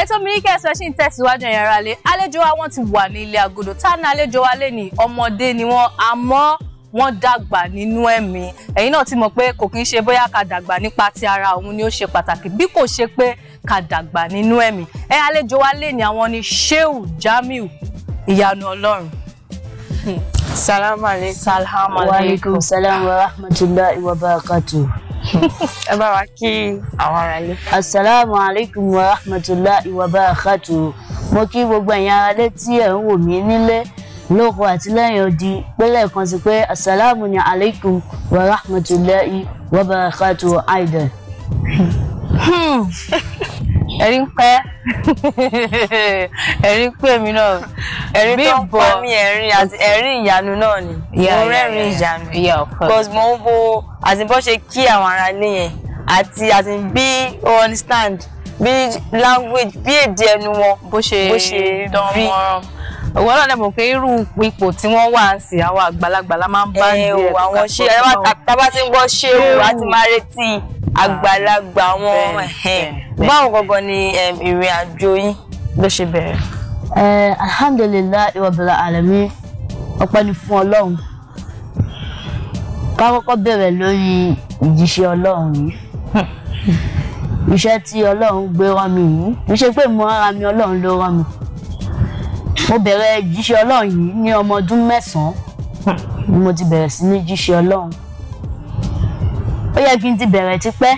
ètò Miliki Express ṣì ń tẹ̀síwájú ẹ̀yin ará ilé àlejò wa wọ́n ti wà ní ilé agodo tá ní àlejò wa lé ní ọmọdé ni wọ́n àmọ́ wọ́n dàgbà nínú ẹ̀mí ẹ̀yin náà ti mọ̀ pé kò kí ń ṣe bóyá ká dàgbà nípa ti ara òun ni ó ṣe pàtàkì bí kò ṣe pé ká dàgbà nínú ẹ̀mí ẹ̀ àlejò wa lé ní àwọn ni Shehu Jamiu ìyanu Ọlọ́run. salaam aleykum. salaam aleykum. wa aleykum salaam wa rahmatulahi wa barakatuh ẹ bá wa kí àwọn ará ilé. asalaamu alaykum wa rahmatulahi wa barakatu mo kí gbogbo ẹ̀yin ará ilé ẹ̀ ń wò mí nílé lóko àti odi pẹ́lẹ́ kan sí pé asalaamu ni alaykum wa rahmatulahi wa barakatu hmm. aidan. ẹ̀rí ń pẹ́ ẹ̀rí ń pè mí náà ẹ̀rí tó ń pẹ́ mi ẹ̀rín àti ẹ̀rín ìyanu náà ni mo rẹ́rìn ìyanu because mo ń wo àti bó ṣe kí àwọn ará ilé àti àti bí o understand bí language bí èdè ẹnu wọn bó ṣe dán mọ́rán òwò náà dẹ̀ mọ̀ pé irú ipò tí wọ́n wà ń sìn àwọn àgbàlagbà la máa ń bá ń bẹ̀rẹ̀ kàkọ́ náà. ẹ o àwọn ṣé tábà ti ń gbọ́ máa retí àgbàlagbà wọn báwo gangan ni ìrìn àjò yín ló ṣe bẹ̀rẹ̀. alhamdulilayi wabila alami ọpẹ́ ni fún Ọlọ́run ká kọ́kọ́ bẹ̀rẹ̀ lórí ìjíṣẹ́ Ọlọ́run yìí hmm. iṣẹ́ tí Ọlọ́run gbé rán mi yìí kì í ṣe pé mo ara mi Ọlọ́run ló rán mi mo bẹ̀rẹ̀ jíṣẹ́ Ọlọ́run yìí ní ọmọ ọdún mẹ́sàn-án ni hmm. mo ti bẹ̀rẹ̀ sí ní jíṣẹ́ Ọlọ́run yẹ kí n ti bẹ̀rẹ̀ tipẹ́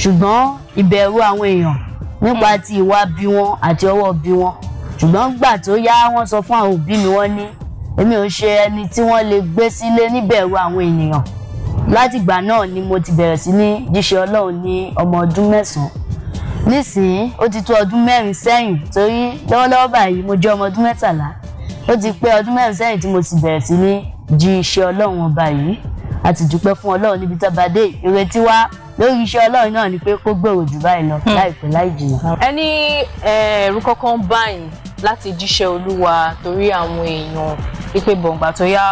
ṣùgbọ́n ìbẹ̀rù àwọn èèyàn nípa ti ìwà bí wọn àti ọwọ́ bí wọn ṣùgbọ́n gbà tó yá wọ́n sọ fún àwọn òbí mi wọ́n ní èmi ò ṣe ẹni tí wọ́n lè gbé sílé níbẹ̀rù àwọn ènìyàn látìgbà náà ni mo ti bẹ̀rẹ̀ sí ní jíṣẹ́ ọlọ́run ní ọmọ ọdún mẹ́sàn-án nísìnyí ó ti tó ọdún mẹ́rin sẹ́yìn torí lọ́wọ́lọ́wọ́ báyìí mo jẹ́ ọmọ ọdún mẹ́tàlá ó ti pé ọdún mẹ́rin sẹ́yìn tí mo ti bẹ̀rẹ̀ sí ní jí ọlọ́run ọba yìí a ti dúpẹ́ fún ọlọ́run níbi tá a bá dé ìrètí wa lórí iṣẹ́ ọlọ́run náà ni pé kó gbèrò jù báyìí lọ hmm. láìpẹ́ láì jìnnà. ẹni ẹ̀rù kankan báyìí láti jíṣẹ́ olúwa torí àwọn èèyàn wípé bọ̀ǹgbà tó yá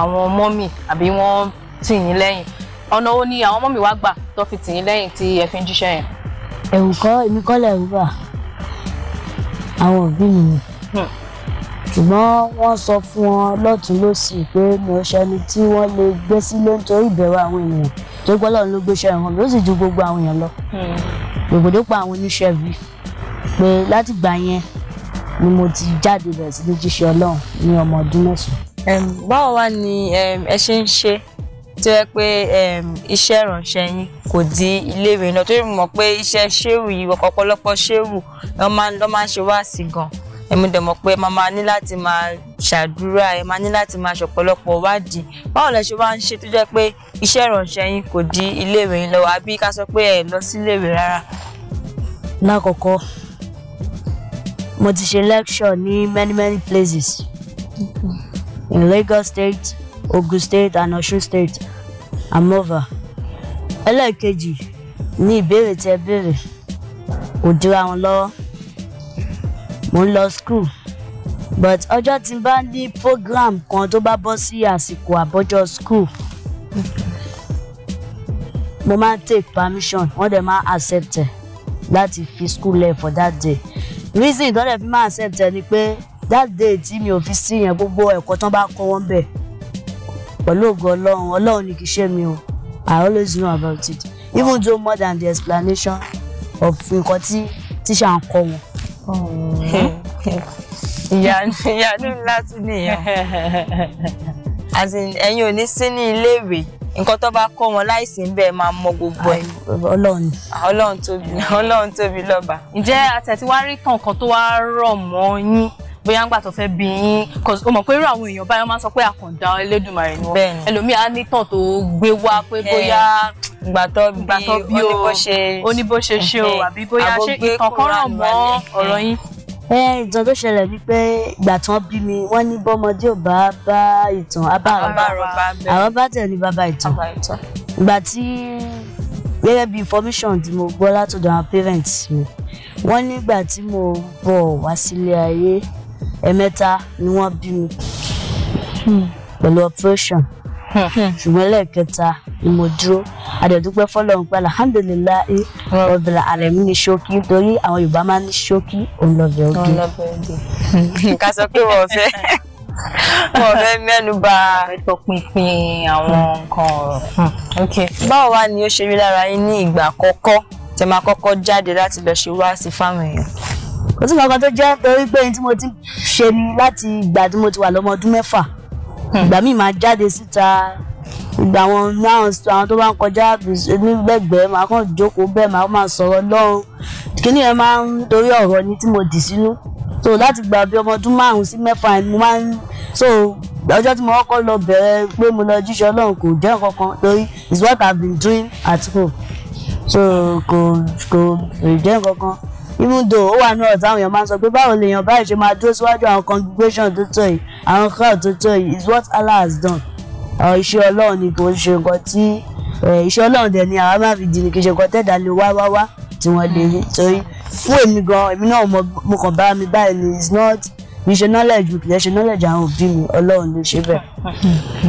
àwọn mọ́mì àbí wọ́n tì yín lẹ́yìn ọ̀nà wo ni àwọn mọ́mì wá gbà tó fi tì yín lẹ́yìn tí ẹ fi ń jíṣẹ́ yẹn. ẹ̀rù kọ́ èmi kọ́ lẹ̀rù àwọn òbí mi ni. Hmm ṣùgbọ́n wọ́n sọ fún wọn lọ́tún lọ́sì pé mi ò ṣẹni tí wọ́n lè gbé sílé nítorí ìbẹ̀rù àwọn èèyàn tó gbọ́ lọ́run ló gbéṣẹ́ ìhàn mi ó sì ju gbogbo àwọn èèyàn lọ hmm. gbogbo pa àwọn oníṣẹ́ rí pé láti gbà yẹn ni mo ti jáde bẹ̀rẹ̀ sí ní jíṣẹ́ ọlọ́run ní ọmọ ọdún mẹ́sàn-án. báwo wá ni ẹ ṣe ń ṣe tó yẹ pé iṣẹ́ ìránṣẹ́ yín kò di iléèwé náà tó yẹ mọ̀ pé iṣẹ́ ṣéwù yìí ọ̀pọ̀lọpọ̀ ṣéwù ló máa ń ẹ̀mí dẹ̀ mọ̀ pé máa ní láti máa ṣàdúrà ẹ máa ní láti máa ṣọ̀pọ̀lọpọ̀ wádìí báwo lẹ ṣe wá ń ṣe tó jẹ́ pé iṣẹ́ ìrànṣẹ́ yín kò di iléèwé yín lọ́wọ́ àbí ká sọ pé ẹ lọ sí iléèwé rárá. lákọ̀ọ́kọ́ mo ti ṣe lecture ní many many places in Lagos State Ogun State and Osun State I'm over ẹlẹ́ẹ̀kejì ní ìbéèrè tí ẹ béèrè kò dira wọn lọ́wọ́ mo ń lọ school but ọjọ́ tí n bá ní program kan tó bá bọ́ sí àsìkò àbọ́jọ́ school mo máa ń take permission wọ́n dẹ̀ máa accept ẹ̀ láti fi school lẹ̀ for that day reason tó dẹ̀ fi máa accept ẹ̀ ni pé that day tí mi ò fi sí yẹn gbogbo ẹ̀kọ́ tán bá kọ́ wọ́n bẹ̀ pẹ̀lú ògo ọlọ́run ọlọ́run ni kì í ṣe mi o I always know about it even though more than the explanation of nǹkan tí tíṣà ń kọ́ wọn. Oh ìyanu ńlá tún nìyẹn ẹ̀yin ò ní sí ní iléèwé nǹkan tó bá kọ́ wọn láìsí ńbẹ máa mọ gbogbo ẹ̀. ọlọ́run ah, ọlọ́run tóbi ọlọ́run tóbi lọ́ba. ǹjẹ́ àtẹ̀tíwárí kankan tó wá rọ̀ mọ́ yín bóyá ńgbà tó fẹ́ bí yín o mọ̀ pé irú àwọn èèyàn báyọ̀ máa ń sọ pé àkàndá Elédùmarè ni wọ́n ẹlòmíì á ní tàn tó gbé wá pé bóyá gbà tó bí ó ní bó ṣe ṣe o àbí bóyá ṣe ìtàn kan rọ̀ mọ́ ọ̀rọ̀ yín ìtàn tó ṣẹlẹ̀ wípé ìgbà tán bí mi wọ́n ní bọ́mọdé ò bá bá ìtàn abárọ̀bá àwọn bá tẹ̀ ní bàbá ìtàn ìgbà tí gẹ́gẹ́ bí information tí mo gbọ́ látọ̀dọ̀ àwọn parents mi wọ́n nígbà tí mo bọ̀ wá sílé ayé ẹ̀mẹ́ta ni wọ́n bí mi hmm. pẹ̀lú operation hmm. ṣùgbọ́n lẹ́ẹ̀kẹta ni mo dúró àdẹ̀dúpẹ́ fọlọ́run pé alhamdulilayi ọ̀bẹ̀rẹ̀ ààrẹ mi ní ṣókí torí àwọn Yorùbá máa ń ní ṣókí òun lọ́bẹ̀ oge. ká sọ pé wọ́n fẹ́ wọ́n fẹ́ mẹ́nu bà tọpinpin àwọn nǹkan ọ̀rọ̀. Hmm, báwo wá ni ó ṣe rí lára yín ní ìgbà àkọ́kọ́ tẹ máa kọ́kọ́ jáde láti lọ ṣe wá sí fáwọn èèyàn. kò sí kankan tó jẹ́ torí pé tí mo ti ṣe ni láti ìgbà tí mo ti wà lọ́mọ ọdún mẹ́fà hmm. ìgbà míì máa jáde síta gbogbo àwọn náà àwọn tó bá ń kọjá nígbẹ̀gbẹ́ màá kàn jókòó bẹ́ẹ̀ màá máa sọ̀rọ̀ lọ́rùn kíní yẹn máa ń torí ọ̀rọ̀ ni tí mo dì sínú so láti gbà bí ọmọ ọdún márùn-ún sí mẹ́fà mo máa ń so ọjọ́ tí mo kọ́kọ́ lọ bẹ̀rẹ̀ pé mo lọ jíṣẹ́ ọlọ́run kò jẹ́ nǹkan kan torí is what i been doing at home so kò kò jẹ́ nǹkan kan even though ó wà ní ọ̀tá àwọn èèyàn máa ń sọ pé báwo lèèyàn báyìí ṣe máa dúró síwájú àwọn congregation tó tọ̀ yìí àwọn crowd tó tọ̀ yìí is what Allah has done iṣẹ́ ọlọ́run ni kò ń ṣe nǹkan tí iṣẹ́ ọlọ́run dẹ̀ ni àwa máa fi di ni kì í ṣe nǹkan tẹ́ẹ̀dá lè wá wá wá tí wọ́n lè rí torí fún èmi gan èmi náà mo kàn bá mi báyìí ni it's not mi ṣe knowledge mi kì í ṣe knowledge àwọn òbí mi ọlọ́run ló ṣe bẹ́ẹ̀.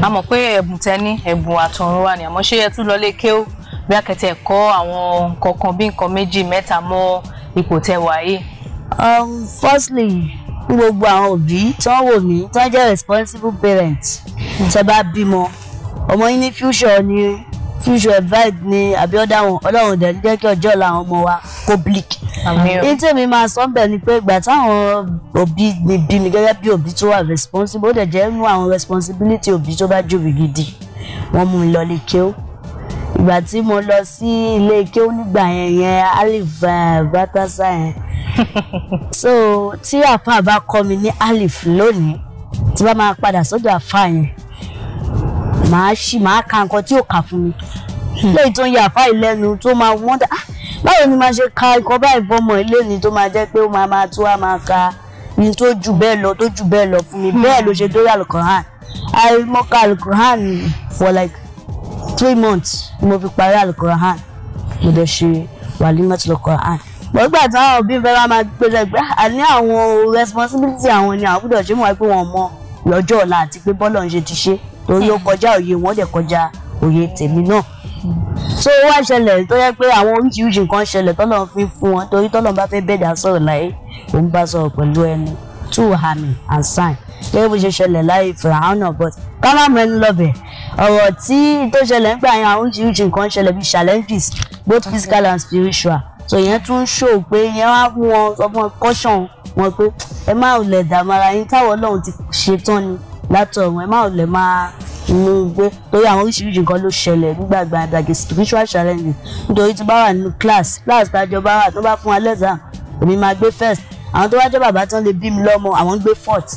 a mọ̀ pé ẹ̀bùn tẹ́ni ẹ̀bùn àtọ̀run wa ni àmọ́ ṣé ẹ tún lọ lé kéw bí akẹ́tẹ̀ ẹ̀kọ́ àwọn nǹkan kan bí nǹkan méjì mẹ́ta mọ́ ipò tẹ́wàá yìí. Um, firstly fún gbogbo àwọn òbí tí wọ́n wò mí tí wọ́n jẹ́ responsible parents tí wọ́n bá bímọ ọmọ yín ní future ni future advice ni àbí ọ̀dà wọn ọlọ́run dẹ̀ ní jẹ́ kí ọjọ́ ọ̀la àwọn ọmọ wa kó bleak. ní tèmi máa sọ bẹ́ẹ̀ ni pé ìgbà táwọn òbí mi bí mi gẹ́gẹ́ bí òbí tó wà responsible ó dẹ̀ jẹ́ nínú àwọn responsibility òbí tó bá jù mí gidi wọ́n mú mi lọ lè kéw ìgbà tí mo lọ sí ilé kéw nígbà yẹn yẹn alif eh, bàtàsá yẹn so tí àfa bá kọ́ mi ní alif lónìí tí bá máa padà sọ́dọ̀ àfa yẹn màá ṣì màá ka nǹkan tí ò kà fún mi hmm. lẹ́yìn tó ń yẹ àfa ìlẹ́nu tó máa wọ́ndà ah, báwo ni màá ṣe ka ikọ̀ báyìí bọ́mọ ilé ni tó máa jẹ́ pé ó máa máa tó a máa ka ní tó jù bẹ́ẹ̀ lọ tó jù bẹ́ẹ̀ lọ fún mi hmm. bẹ́ẹ̀ ló ṣe dórí alukoran àìmọ́ka alukoran for like three months mo fi parí alukoran mo dẹ̀ ṣe wàlímọ̀tì lọ́kọ̀ọ́hán bọ́n gbà táwọn òbí bẹ́ẹ̀ bá máa gbé lẹ́gbẹ́ a àwọn responsibility àwọn ni àwọn gbọ́dọ̀ ṣe mọ̀ pé wọ́n mọ lọ́jọ́ ọ̀la àti pé bọ́lọ̀ ń ṣe ti ṣe torí ó kọjá òye wọn dẹ̀ kọjá òye tèmi náà so ó wá ṣẹlẹ̀ tó yẹ pé àwọn oríṣiríṣi nǹkan ṣẹlẹ̀ tọ́lọ́run fi fún wọn torí tọ́lọ́run bá fẹ́ bẹ̀dà sọ̀rọ̀ láyé òun bá sọ̀rọ̀ pẹ̀lú ẹnu two àmì and sign gẹ́gẹ́ bó ṣe ṣẹlẹ̀ láyé fìràhàn náà but kálámù ẹni lọ́bẹ̀ ọ̀rọ̀ tí tó ṣẹlẹ̀ ń gbà yẹn àwọn oríṣiríṣi nǹkan ṣẹlẹ̀ bíi challenges both physical and spiritual so yẹn tún show pé yẹn wá fún wọn sọ fún wọn caution wọn pé ẹ má ò lẹ̀ dàmara yín táwọn ọlọ́run ti ṣetán ni látọ̀run ẹ má ò lẹ̀ máa ní gbé torí àwọn oríṣiríṣi nǹkan ló ṣẹlẹ̀ nígbàgbà àdàgé spiritual challenge nítorí tí bá wà nínú class class tájọ bá wà tó bá fún wa lẹ́sà èmi máa gbé first àwọn tó wá jẹ́ bàbá tán lè bí mi lọ́mọ àwọn ń gbé fourth